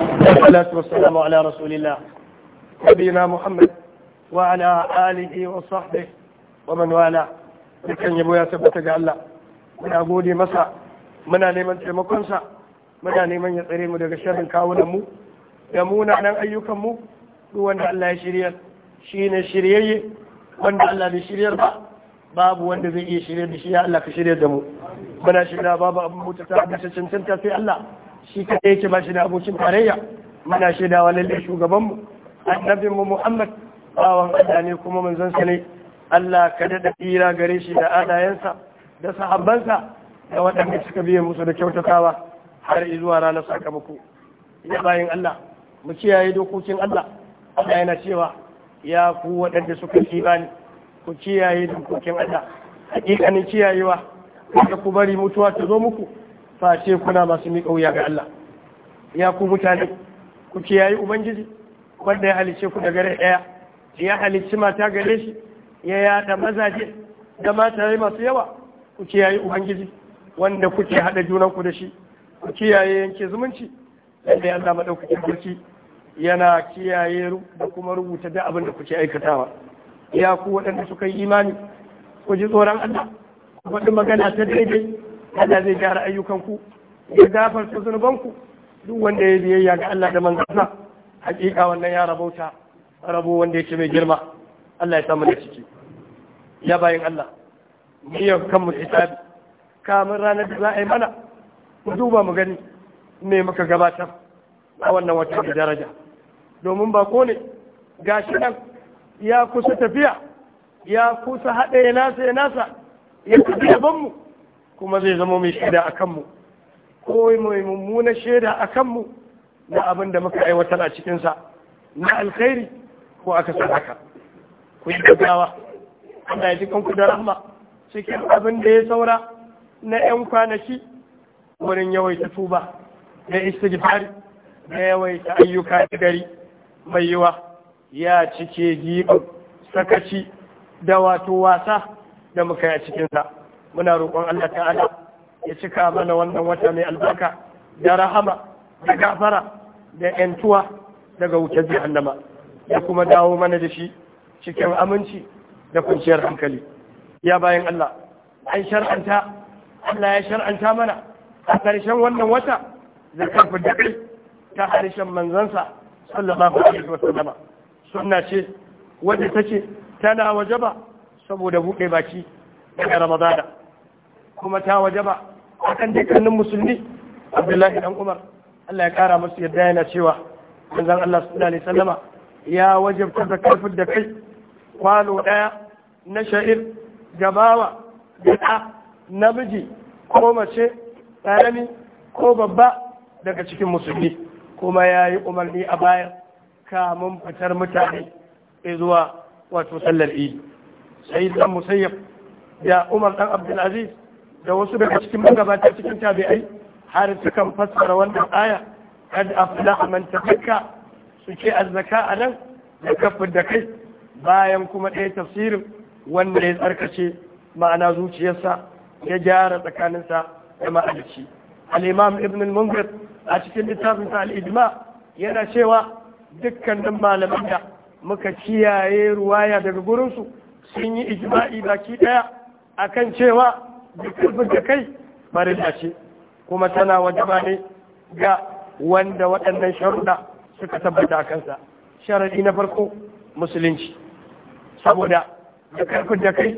والصلاة والسلام على رسول الله نبينا محمد وعلى آله وصحبه ومن والاه dukkan yabo ya tabbata ga Allah muna gode masa muna neman taimakonsa muna neman ya tsare mu daga sharrin kawunan mu da munanan ayyukan mu duk wanda Allah ya shirya shi ne shiryayye wanda Allah bai shiryar ba babu wanda zai iya shirya da Allah ka shirya da mu muna shirya babu abin mutata da cancanta sai Allah shi kada yake ba shi da abokin tarayya muna shaidawa lallai shugabanmu mu muhammad bawan allah ne kuma manzon sa ne allah ka daɗa tsira gare shi da adayensa da sahabbansa da waɗanda suka biye musu da kyautatawa har zuwa ranar sakamako ya bayan allah mu kiyaye dokokin allah allah yana cewa ya ku waɗanda suka fi ni ku kiyaye dokokin allah hakikanin kiyayewa kada ku bari mutuwa ta zo muku face kuna masu miƙa wuya ga Allah ya ku mutane ku kiyayi ubangiji wanda ya halice ku daga rai ɗaya ya halicci mata gare shi ya yada mazaje da mata masu yawa ku kiyaye ubangiji wanda kuke haɗa ku da shi ku kiyaye yanke zumunci ya Allah madaukakin sarki yana kiyaye da kuma rubuta da abin da kuke aikatawa ya ku waɗanda suka yi imani ku ji tsoron Allah ku faɗi magana ta daidai Allah zai gyara ayyukanku ya gafarta zunubanku duk wanda ya biyayya ga Allah da manzansa hakika wannan ya rabauta rabo wanda yake mai girma Allah ya samu da ciki ya bayin Allah mu yi kanmu hisabi kamun ranar da za a yi mana mu duba mu gani me muka gabatar a wannan wata da daraja domin ba ko ne gashi nan ya kusa tafiya ya kusa haɗe nasa ya nasa ya kusa yabonmu mu kuma zai zama mai shaida a kanmu ko mai mummunan shaida a kanmu na abin da muka aiwatar a cikinsa na alkhairi ko aka san haka ku yi gaggawa Allah ya ji kanku da rahma cikin abin da ya saura na 'yan kwanaki wurin yawaita tuba da istighfari da yawaita ayyuka da gari mai yiwa ya cike giɓin sakaci da wato wasa da muka yi a cikinsa. muna roƙon Allah ta'ala ya cika mana wannan wata mai albarka da rahama da gafara da yantuwa daga wutar jahannama ya kuma dawo mana da shi cikin aminci da kwanciyar hankali ya bayan Allah an shar'anta Allah ya shar'anta mana a ƙarshen wannan wata zakar fiddaƙi ta harshen manzansa sallallahu alaihi wa sallama sunna ce wadda take tana wajaba saboda buɗe baki daga ramadana kuma ta wajaba akan dukkanin musulmi abdullahi dan umar Allah ya kara masu yadda yana cewa manzon Allah sallallahu alaihi wasallama ya wajabta da karfin da kai kwano daya na sha'ir gabawa da namiji ko mace ƙarami ko babba daga cikin musulmi kuma ya yi umarni a bayan kamun fitar mutane zuwa wato sallar idi sai dan musayyab da umar dan abdulaziz da wasu daga cikin magabata cikin tabi'ai har sukan fassara wannan aya kad a man tazakka suke ce azzaka a nan da kafin da kai bayan kuma ɗaya tafsirin wanda ya tsarkace ma'ana zuciyarsa ya gyara tsakaninsa da ma'alici al ibn al-munzir a cikin littafin sa al-ijma yana cewa dukkanin malaman da muka kiyaye ruwaya daga gurinsu sun yi ijma'i baki daya akan cewa da da kai da ce kuma tana wajaba ne ga wanda waɗannan sharuɗa suka tabbata a kansa sharaɗi na farko musulunci saboda da karfin da kai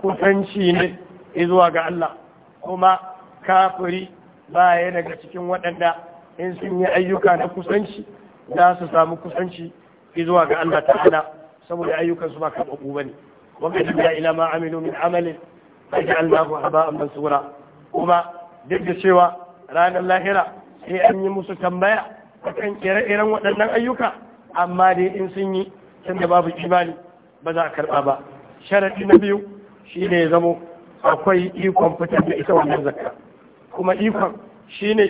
kusanci ne izuwa ga Allah kuma kafiri baya daga cikin waɗanda in sun yi ayyuka na kusanci za su samu kusanci zuwa ga Allah ta'ala saboda ayyukansu ba karɓaɓɓu ba ne wanda ya ila ma amilu min amalin faj'alnahu haba'an mansura kuma duk da cewa ranar lahira sai an yi musu tambaya kan ire-iren waɗannan ayyuka amma dai in sun yi tun da babu imani ba za a karɓa ba sharaɗi na biyu shi ne ya zamo akwai ikon fitar da ita wannan zakka kuma ikon shi ne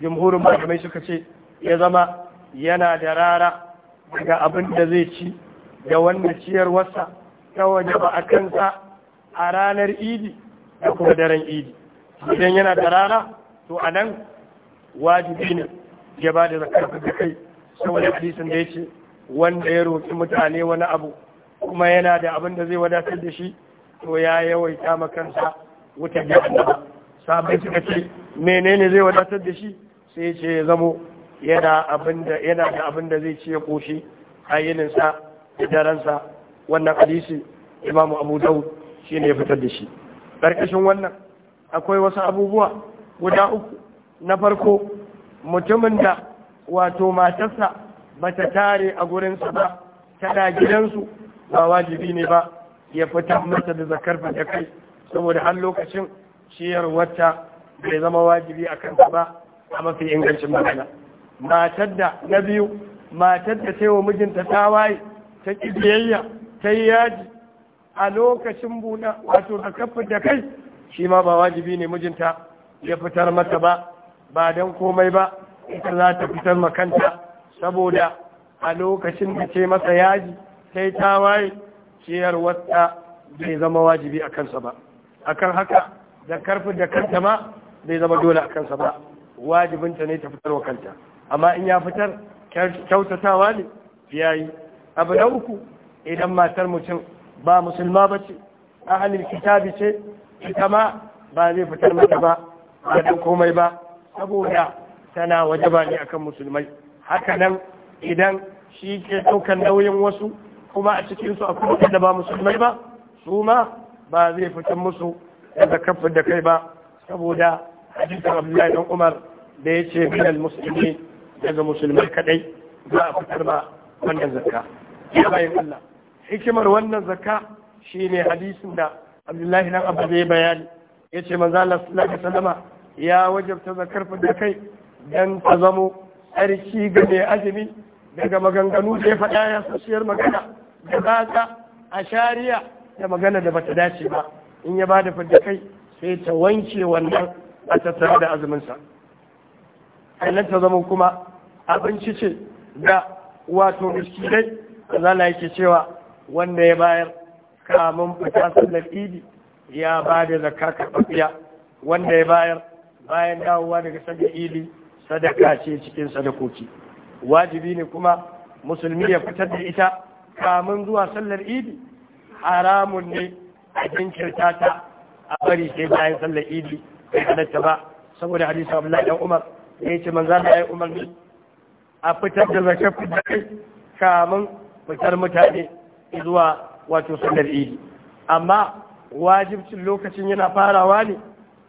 jumhurin malamai suka ce ya zama yana da rara daga abin da zai ci da wannan ciyarwarsa ta waje ba a kansa a ranar idi da kuma daren idi idan yana da rana to a nan wajibi ne ya ba da zakar da kai saboda hadisin da ya ce wanda ya roƙi mutane wani abu kuma yana da abin da zai wadatar da shi to ya yawaita makansa wutar ba. sabon suka ce menene zai wadatar da shi sai ce ya zamo yana da abin da zai ce ya ƙoshi a yininsa da daransa wannan hadisi imamu abu daud shi ne ya fitar da shi ƙarƙashin wannan akwai wasu abubuwa guda uku na farko mutumin da wato matarsa ba ta tare a gurinsa ba tana gidansu ba wajibi ne ba ya fita mata da zakar da kai saboda har lokacin wata bai zama wajibi a kansa ba a mafi ingancin magana matar da na biyu matar da sai wa mijinta ta waye ta ƙi biyayya ta yi yaji a lokacin buna wato da kafin da kai shi ma ba wajibi ne mijinta ya fitar mata ba ba don komai ba ita za ta fitar makanta saboda a lokacin da ce masa yaji sai ta waye ciyar wata bai zama wajibi a kansa ba akan haka da karfin da kanta ma bai zama dole a kansa ba wajibinta ne ta fitar wa kanta amma in ya fitar kyautatawa ne ya yi abu na uku idan matar mutum ba musulma ba ce halin kitabi ce ita ma ba zai fitar mata ba a don komai ba saboda tana waje ba ne akan musulmai haka nan idan shi ke ɗaukar nauyin wasu kuma a cikinsu a kuma da ba musulmai ba su ma ba zai fitar musu daga kafin da kai ba saboda hadisin abdullahi dan umar da ya ce minal musulmi daga musulmai kadai za a fitar ba wannan zakka ya bayan allah hikimar wannan zakka ne hadisin da abdullahi dan abu zai bayani ya ce maza Allah sallallahu alaihi ya wajabta zakar da kai dan ta zamo sarki ga mai azumi daga maganganu da ya faɗa ya sasiyar magana da zaga a shari'a da magana da bata dace ba in ya bada fada kai sai ta wanke wannan a tattara da azuminsa nan ta zamo kuma abinci ce da wato miskinai a zala yake cewa wanda ya bayar kamun fita sallar idi ya ba da zakka karɓaɓɓiya wanda ya bayar bayan dawowa daga sallar idi sadaka ce cikin sadakoki wajibi ne kuma musulmi ya fitar da ita kamun zuwa sallar idi haramun ne a jinkirta ta a bari sai bayan sallar idi bai halatta ba saboda hadisi abdullahi dan umar ya ce manzo da ya umar ne a fitar da zakar fitar kamun fitar mutane zuwa wato sallar idi amma wajibcin lokacin yana farawa ne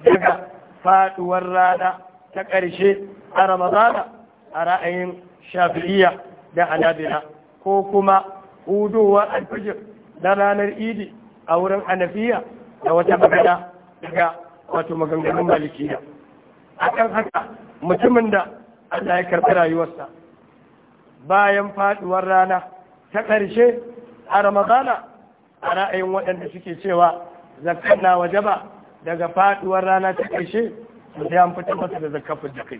daga faduwar rana ta ƙarshe a ramazana a ra'ayin shafi'iyya da hanabila ko kuma hudowar alfijir na ranar idi a wurin hanafiya da wata magana daga wato maganganun malikiya a kan haka mutumin da Allah ya karɓi rayuwarsa bayan faduwar rana ta ƙarshe a ramadana a ra'ayin waɗanda suke cewa zakar na ba daga faɗuwar rana ta ƙarshe sai an fitar masa da zakafin da kai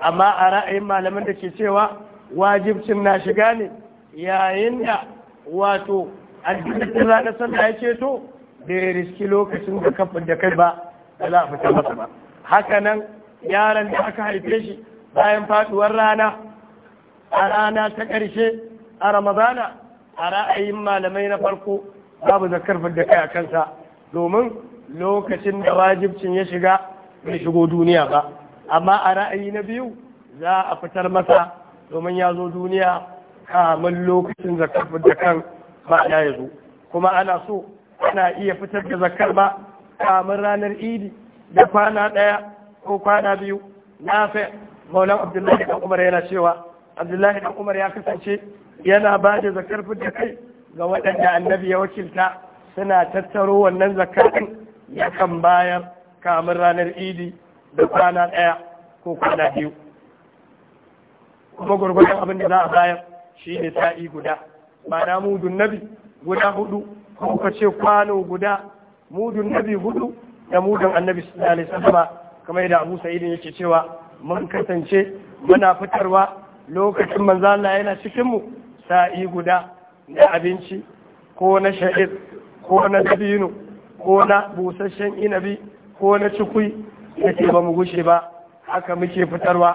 amma a ra'ayin malaman da ke cewa wajibcin na shiga ne yayin da wato aljihin ranar sallah ya ceto da ya riski lokacin zakafin da kai ba da za a fita masa ba haka nan yaran da aka haife shi bayan faɗuwar rana a rana ta ƙarshe a ramadana a ra'ayin malamai na farko babu zakar da kai a kansa domin lokacin da wajibcin ya shiga bai shigo duniya ba amma a ra'ayi na biyu za a fitar masa domin ya zo duniya kamun lokacin zakar da kan ma'ana ya zo kuma ana so ana iya fitar da zakar ba kamun ranar idi da kwana ɗaya ko kwana biyu na fi maulan abdullahi da umar yana cewa abdullahi dan umar ya kasance yana ba da zakar fidda kai ga waɗanda annabi ya wakilta suna tattaro wannan ya yakan bayar kamun ranar idi da kwana ɗaya ko kwana biyu kuma gwargwadon abin da za a bayar shi ne sa'i guda ma'ana mudun nabi guda hudu ko ka ce kwano guda mudun nabi hudu da mudun annabi sallallahu alaihi wasallam kamar yadda Abu Sa'id yake cewa mun kasance muna fitarwa lokacin manzo yana cikin mu sa'i guda na abinci ko na sha'ir ko na dabino ko na busasshen inabi ko na cikui yake ba mu gushe ba haka muke fitarwa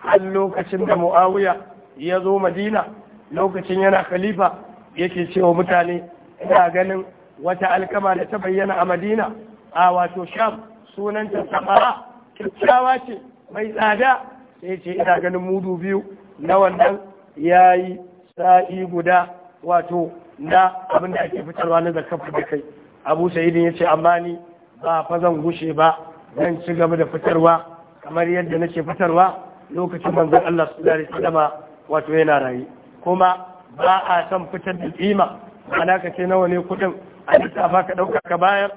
har lokacin da mu'awiya ya zo madina lokacin yana khalifa yake cewa mutane ina ganin wata alkama da ta bayyana a madina a wato sham sunanta samara kyakkyawa ce mai tsada sai ce ina ganin mudu biyu na wannan ya yi sa'i guda wato na abin da ake fitarwa na zakar da kai abu sa'idin ya ce amma ni ba fa zan gushe ba zan ci gaba da fitarwa kamar yadda nake fitarwa lokacin manzon Allah su su dama wato yana rayu kuma ba a san fitar da kima ana ka ce nawa ne kudin a lissafa ka ɗauka ka bayar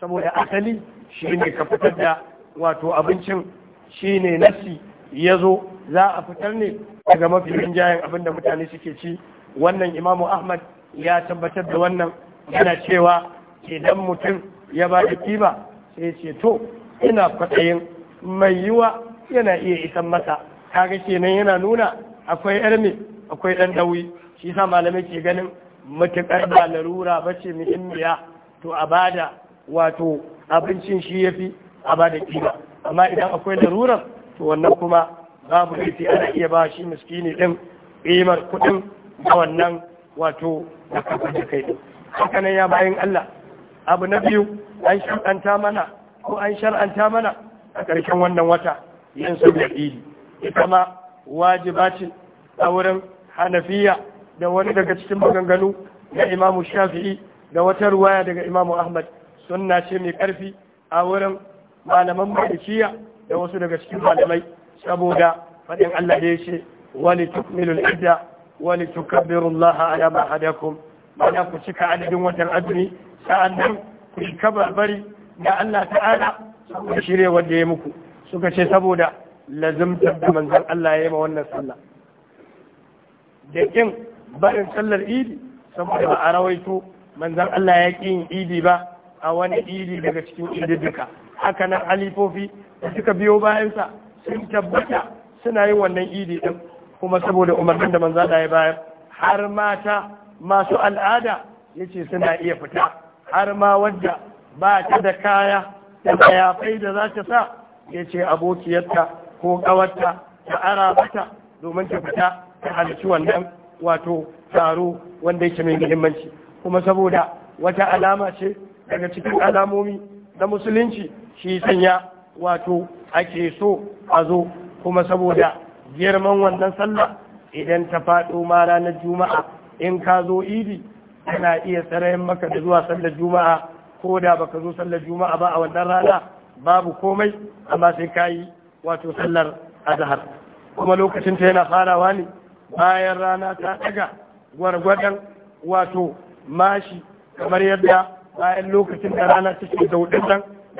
saboda asali shine ka fitar da wato abincin shi shine nasi ya zo za a fitar ne daga mafi rinjayen abin da mutane suke ci wannan imamu ahmad ya tabbatar da wannan yana cewa idan mutum ya ba da kiba sai ce to ina kwatsayin mai yiwa yana iya isan masa kaga kenan yana nuna akwai yarme akwai ɗan dawi shi sa malamai ke ganin matuƙar ba larura ba ce muhimmiya to a bada wato abincin shi ya fi a bada kiba amma idan akwai larurar to wannan kuma babu laifi ana iya ba shi miskini din ƙimar kuɗin da wannan wato da kafa da kai din haka nan ya bayan Allah abu na biyu an shar'anta mana ko an shar'anta mana a ƙarshen wannan wata yin da idi ita ma wajibacin a wurin hanafiya da wani daga cikin maganganu na imamu shafi'i da wata ruwaya daga imamu ahmad sunna ce mai karfi a wurin malaman malikiya da wasu daga cikin malamai saboda faɗin Allah da yake wali tukmilul idda wali tukabbirullaha ala ma hadakum ma'ana ku cika adadin watan azumi nan ku yi kababari da Allah ta'ala saboda shirya wanda ya muku suka ce saboda lazimtar da manzon Allah ya yi ma wannan sallah da ƙin barin sallar idi saboda ba a rawaito manzon Allah ya ƙi yin idi ba a wani idi daga cikin ididduka haka nan alifofi da suka biyo bayansa sun tabbata suna yin wannan idi din kuma saboda umarnin da manzo da ya bayar har mata masu al'ada yace suna iya fita har ma wadda ba ta da kaya da bayafai da za ta sa yace abokiyarta ko kawarta ta ara mata domin ta fita ta halarci wannan wato taro wanda yake mai muhimmanci kuma saboda wata alama ce daga cikin alamomi na musulunci shi sanya wato ake so a zo kuma saboda girman wannan sallah idan ta faɗo ma ranar juma'a in ka zo idi ana iya tsarayen maka da zuwa sallar juma'a ko da baka zo sallar juma'a ba a wannan rana babu komai amma sai ka yi wato sallar azhar kuma lokacin ta yana farawa ne bayan rana ta daga gwargwadon wato mashi kamar yadda bayan lokacin da rana take daudin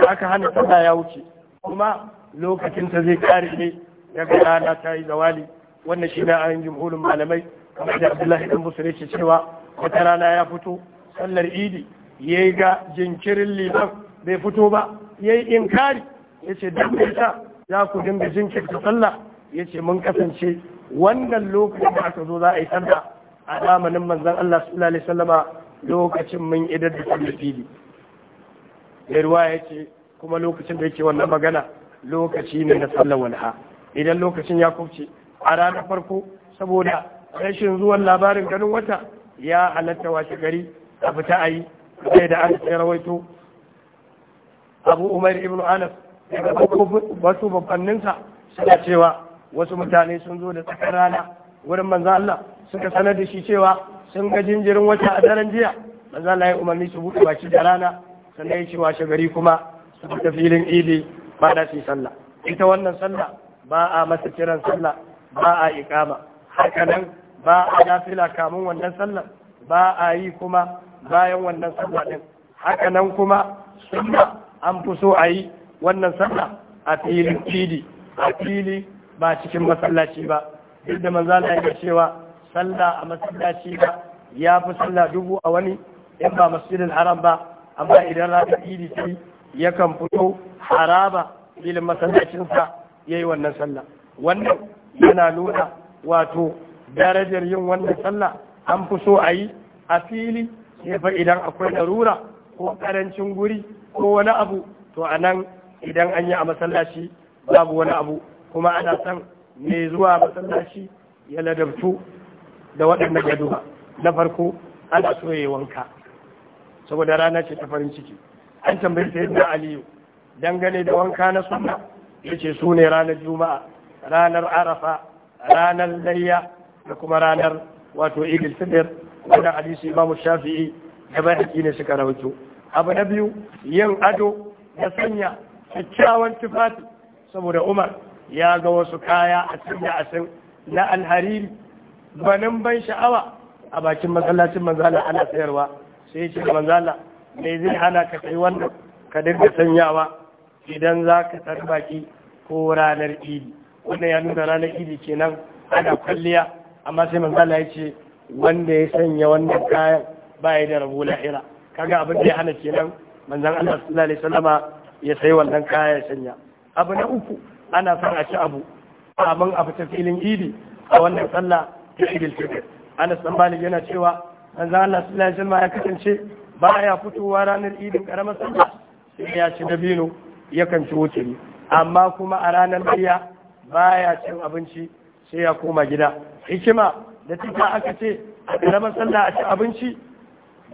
da aka hana sallah ya wuce kuma lokacinsa zai kare ne ya ga rana ta yi zawali wannan shi na ayin jimhurin malamai kamar da abdullahi dan ya ce cewa wata rana ya fito sallar idi ya yi ga jinkirin liman bai fito ba ya yi inkari ya ce don sa za ku dinga jinkirta sallah ya ce mun kasance wannan lokacin da aka zo za a yi sallah a zamanin manzon Allah sallallahu alaihi wasallama lokacin mun idar da sallar idi ya ce kuma lokacin da yake wannan magana lokaci ne na sallar walha idan lokacin ya kubce a ranar farko saboda rashin zuwan labarin ganin wata ya halatta washe gari a fita a yi sai da an sai rawaito abu umar ibn anas daga wasu babbanninsa suna cewa wasu mutane sun zo da tsakar rana wurin manzo Allah suka sanar da shi cewa sun ga jinjirin wata a daren jiya manzo Allah ya umarni su buɗe baki da rana sannan ya ce washe gari kuma su filin idi ba da su sallah ita wannan sallah ba a masa kiran sallah ba a iƙama hakanan ba a nafila kamun wannan sallah ba a yi kuma bayan wannan sallah din hakanan kuma sunna an fi so a yi wannan sallah a filin idi a fili ba cikin masallaci ba duk da Allah ya cewa sallah a masallaci ba ya fi sallah dubu a wani in ba masjidin haram ba amma idan ranar idi ta yakan fito haraba filin masallacinsa ya yi wannan sallah wannan yana nuna wato darajar yin wannan sallah an fi so a yi a fili fa idan akwai larura ko karancin guri ko wani abu to a nan idan an yi a masallaci babu wani abu kuma ana san mai zuwa masallaci ya ladabtu da waɗannan gaduwa na farko ana so ya wanka saboda rana ce ta farin ciki an tambayi na aliyu dangane da wanka na sunna yace su ne ranar juma'a ranar arafa ranar layya da kuma ranar wato idil fitr wanda hadisi mu shafi'i da bai ne suka rawaito abu na biyu yin ado da sanya kyakkyawan tufafi saboda umar ya ga wasu kaya a cikin a asin na alhariri banin ban sha'awa a bakin masallacin manzala ana sayarwa sai ya ce manzala me zai hana ka kai wannan ka dinga sanyawa idan za ka tarbaki ko ranar idi wannan ya nuna ranar idi kenan ana kwalliya amma sai manzala ya ce wanda ya sanya wannan kayan baya da rabu la'ira kaga abin da ya hana kenan manzan Allah sallallahu alaihi wasallama ya sai wannan kaya ya sanya abu na uku ana son a ci abu abin a fita filin idi a wannan sallah ta idil fitr Anas dan yana cewa manzan Allah sallallahu alaihi wasallama ya kasance Ba baya fitowa ranar idin karamar sallah sai ya ci dabino yakan ci ne, amma kuma a ranar biya ya cin abinci sai ya koma gida hikima da tuka aka ce a karamar sallah a ci abinci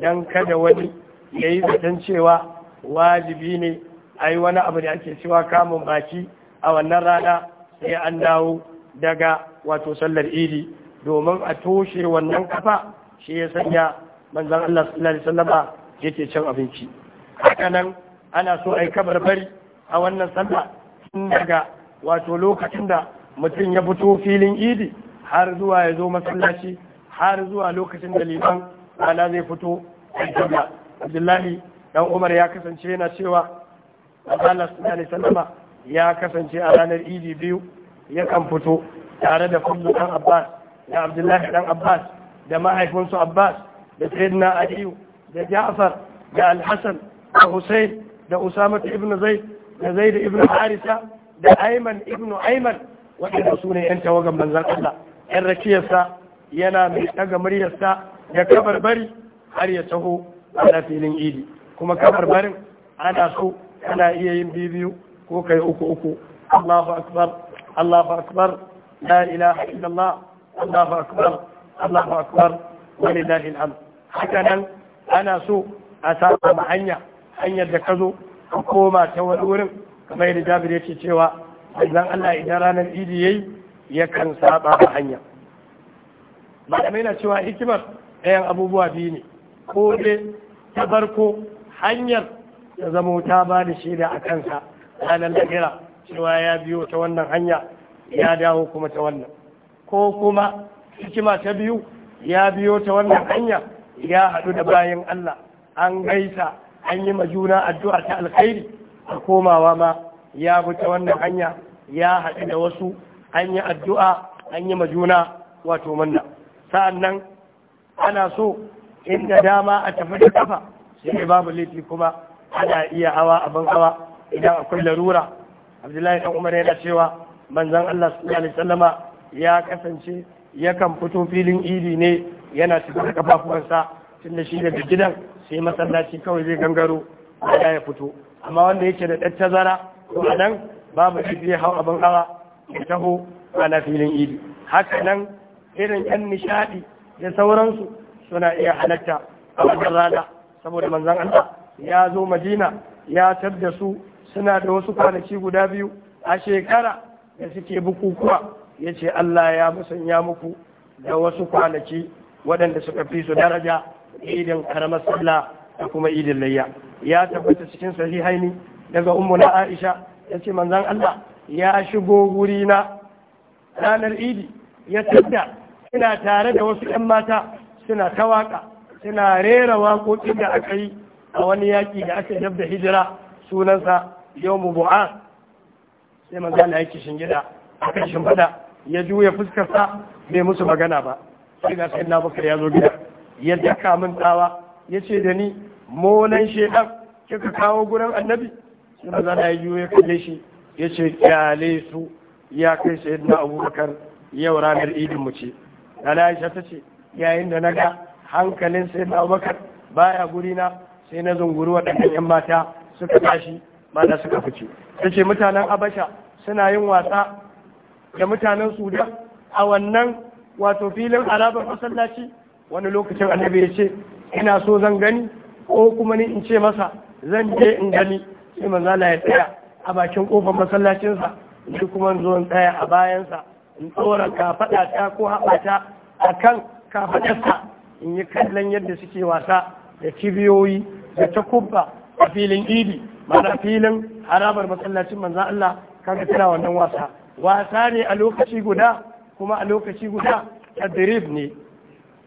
Don kada wani ya yi zaton cewa wajibi ne a yi wani abu da ake cewa kamun baki a wannan rana sai an dawo daga wato sallar idi domin a toshe wannan kafa shi ya sanya manzon Allah sallallahu alaihi wasallama yake cin abinci haka nan ana so a ai bari a wannan sallah tun daga wato lokacin da mutum ya fito filin idi har zuwa ya zo masallaci har zuwa lokacin da liman ana zai fito a sallah Abdullahi dan Umar ya kasance yana cewa Allah sallallahu alaihi ya kasance a ranar idi biyu yakan fito tare da fulu Abbas da Abdullahi dan Abbas da mahaifinsu Abbas da sayyidina aliyu da ja'far da alhassan da husayn da usama ibn zaid da zaid ibn harisa da ayman ibn ayman waɗanda su ne yan tawagan manzan Allah yan rakiyarsa yana mai muryarta muryarsa da kabarbari har ya taho ana filin idi kuma kabarbarin ana so ana iya yin bibiyu ko kai uku uku Allahu akbar Allahu akbar la ilaha illallah Allahu akbar Allahu akbar walillahi alhamd haka nan ana so a saba ma hanya hanyar da ka zo ka koma ta wani wurin kamar yadda jabir ya ce cewa manzon Allah idan ranar idi yayi kan saba ma hanya malamai na cewa hikimar ɗayan abubuwa biyu ne ko dai ta farko hanyar ta zamo ta ba da shaida a kansa ranar lahira cewa ya biyo ta wannan hanya ya dawo kuma ta wannan ko kuma hikima ta biyu ya biyo ta wannan hanya ya haɗu da bayan Allah an gaisa an yi majuna addu'a ta alkhairi a komawa ma ya ta wannan hanya ya haɗu da wasu an yi addu'a an yi majuna wato manna sa'annan ana so inda dama a tafi da kafa sai babu laifi kuma ana iya hawa abin hawa idan akwai larura abdullahi Ɗan umar yana cewa manzon Allah sallallahu alaihi wasallama ya kasance yakan fito filin idi ne yana shiga da kafafuwansa tun da shi daga gidan sai masallaci kawai zai gangaro ya ya fito amma wanda yake da ɗan tazara to a nan babu shi zai hau abin hawa ya taho ana filin idi haka nan irin yan nishaɗi da sauransu suna iya halatta a wannan rana saboda manzan Allah ya zo Madina ya da su suna da wasu kwanaki guda biyu a shekara da suke bukukuwa ya ce Allah ya musanya muku da wasu kwanaki waɗanda suka fi su daraja idin karamar sallah da kuma idin layya ya tabbata cikin sahihaini daga ummuna aisha ya ce manzan allah ya shigo wurina ranar idi ya tabbata suna tare da wasu 'yan mata suna ta suna rera waƙoƙin da aka yi a wani yaƙi da aka yabda hijira sunansa yau mu bu'a sai yi kishin gida, shingida kan shimfada ya juya fuskarsa bai musu magana ba sai ga sai na baka ya zo gida ya daka min tsawa ya ce da ni molan shedan kika kawo gurin annabi sai maza na yi ya kalle shi ya ce kyale su ya kai sai na abubakar yau ranar idin mu ce dala aisha ta ce yayin da na ga hankalin sai na abubakar baya gurina sai na zunguri waɗannan yan mata suka tashi mana suka fice ta ce mutanen abasha suna yin wasa da mutanen sudan a wannan wato filin harabar masallaci wani lokacin annabi ya ce ina so zan gani ko kuma ni in ce masa zan je in gani sai manzala ya tsaya a bakin kofar masallacinsa shi kuma zo in tsaya a bayansa in tsora kafaɗa ta ko haɓata a kan kafaɗarsa in yi kallon yadda suke wasa da kibiyoyi da takubba a filin idi mana filin harabar masallacin manzan Allah kaga tana wannan wasa wasa ne a lokaci guda kuma a lokaci guda tadrib ne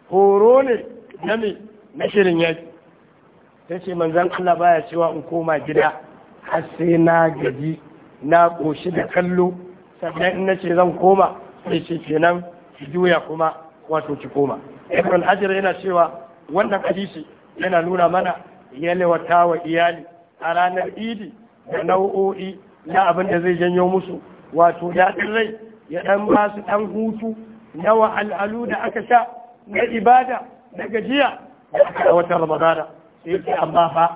horo ne na me na shirin yaki ta ce manzan Allah baya cewa in koma gida har sai na gaji na ƙoshi da kallo sannan in na ce zan koma sai ce kenan ki juya kuma wato ki koma ibn hajar yana cewa wannan hadisi yana nuna mana wata wa iyali a ranar idi da nau'o'i na abin da zai janyo musu wato daɗin rai ya ɗan ba su ɗan hutu na al'alu da aka sha na ibada da gajiya da aka a watan ramadana sai ke amma fa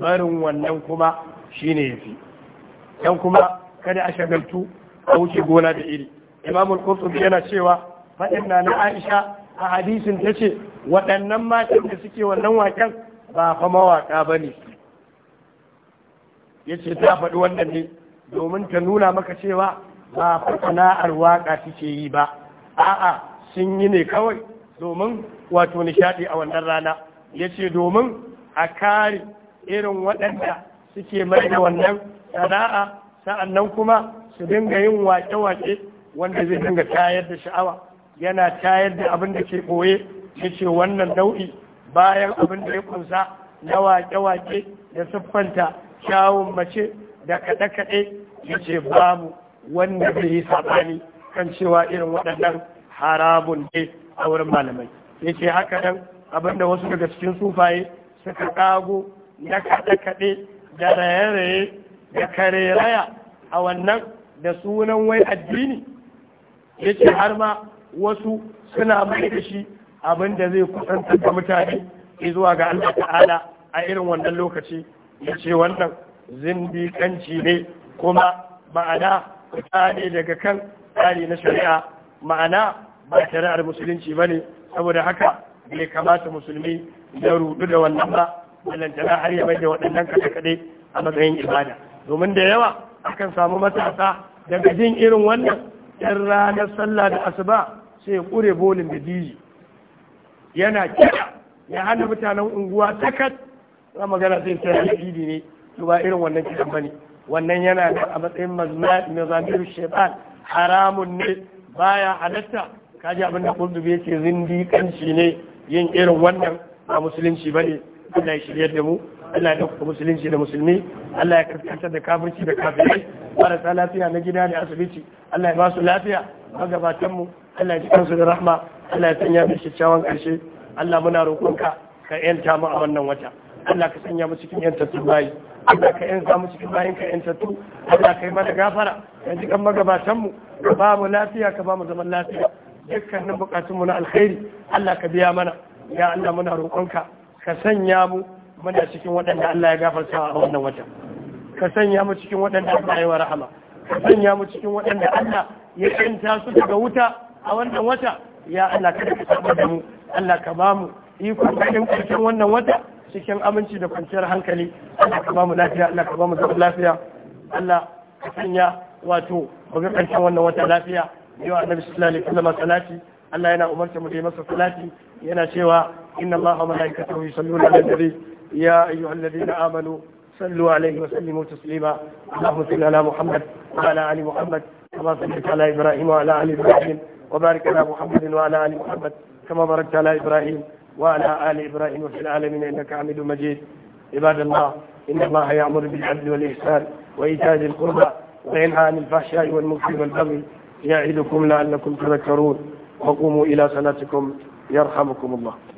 barin wannan kuma shine yafi dan kuma kada a shagaltu a wuce gona da iri imamul qurtubi yana cewa faɗin na aisha a hadisin ta ce waɗannan matan da suke wannan waken ba fa mawaka ba ne ya ce ta faɗi wannan ne domin ta nuna maka cewa ba sana'ar waƙa suke yi ba a'a sun yi ne kawai domin wato nishaɗi a wannan rana ya ce domin a kare irin waɗanda suke mai da wannan sana'a sa'annan kuma su dinga yin waƙe-waƙe wanda zai dinga tayar da sha'awa yana tayar da abin da ke ɓoye ya wannan nau'i bayan abin da ya kunsa na waƙe-waƙe da siffanta kyawun mace da kaɗe-kaɗe ya babu wanda zai yi saɓani kan cewa irin waɗannan harabun ne a wurin malamai ya ce haka nan abinda wasu daga cikin sufaye suka ƙago na kaɗe-kaɗe da raye-raye da kareraya a wannan da sunan wai addini ya ce har ma wasu suna mai da shi abin da zai kusantar da mutane zuwa ga Allah ta'ala a irin wannan lokaci ya ce wannan zindikanci ne kuma ba'ada ku daga kan tsari na shari'a ma'ana ba shari'ar musulunci ba ne saboda haka bai kamata musulmi ya rudu da wannan ba ballantana har ya da waɗannan kaɗe-kaɗe a matsayin ibada domin da yawa akan samu matasa daga jin irin wannan yan ranar sallah da asuba sai ya ƙure bolin da diji yana kira ya hana mutanen unguwa takat za magana sai da ne to ba irin wannan kiɗan ba ne wannan yana da a matsayin mazamir shaitan haramun ne baya halatta kaji abin da kurdubi yake ce ne yin irin wannan a musulunci ba ne Allah ya shirya da mu Allah ya dauka musulunci da musulmi Allah ya kaskanta da kafirci da kafirai marasa lafiya na gida da asibiti Allah ya basu su lafiya gabatanmu Allah ya ji kansu da rahma Allah ya sanya da kyakkyawan karshe Allah muna roƙonka ka yanta mu a wannan wata Allah ka sanya mu cikin yantattun bayi Allah ka yin zamu cikin bayan ka yantattu Allah ka yi mana gafara ka ji kan magabatan mu ka ba mu lafiya ka ba mu zaman lafiya dukkanin bukatun mu na alkhairi Allah ka biya mana ya Allah muna roƙonka ka sanya mu muna cikin waɗanda Allah ya gafarta a wannan wata ka sanya mu cikin waɗanda Allah ya rahama ka sanya mu cikin waɗanda Allah ya kanta su daga wuta a wannan wata ya Allah da ka saba da mu Allah ka ba mu ka kaɗin ƙarshen wannan wata cikin aminci da kwanciyar hankali Allah ka ba mu lafiya Allah ka ba mu zaman lafiya Allah ka sanya wato mu ga karshen wannan wata lafiya yau annabi sallallahu alaihi wasallam salati Allah yana umarta mu da masa salati yana cewa inna Allah wa malaikatahu yusalluna ala nabi ya amanu sallu alaihi wa sallimu taslima Allahumma salli ala Muhammad wa ala ali Muhammad وبارك على محمد وعلى ال محمد كما باركت على ابراهيم وعلى آل إبراهيم وفي العالمين إنك حميد مجيد عباد الله إن الله يأمر بالعدل والإحسان وإيتاء ذي القربى وينهى عن الفحشاء والمنكر والبغي يعدكم لعلكم تذكرون وقوموا إلى صلاتكم يرحمكم الله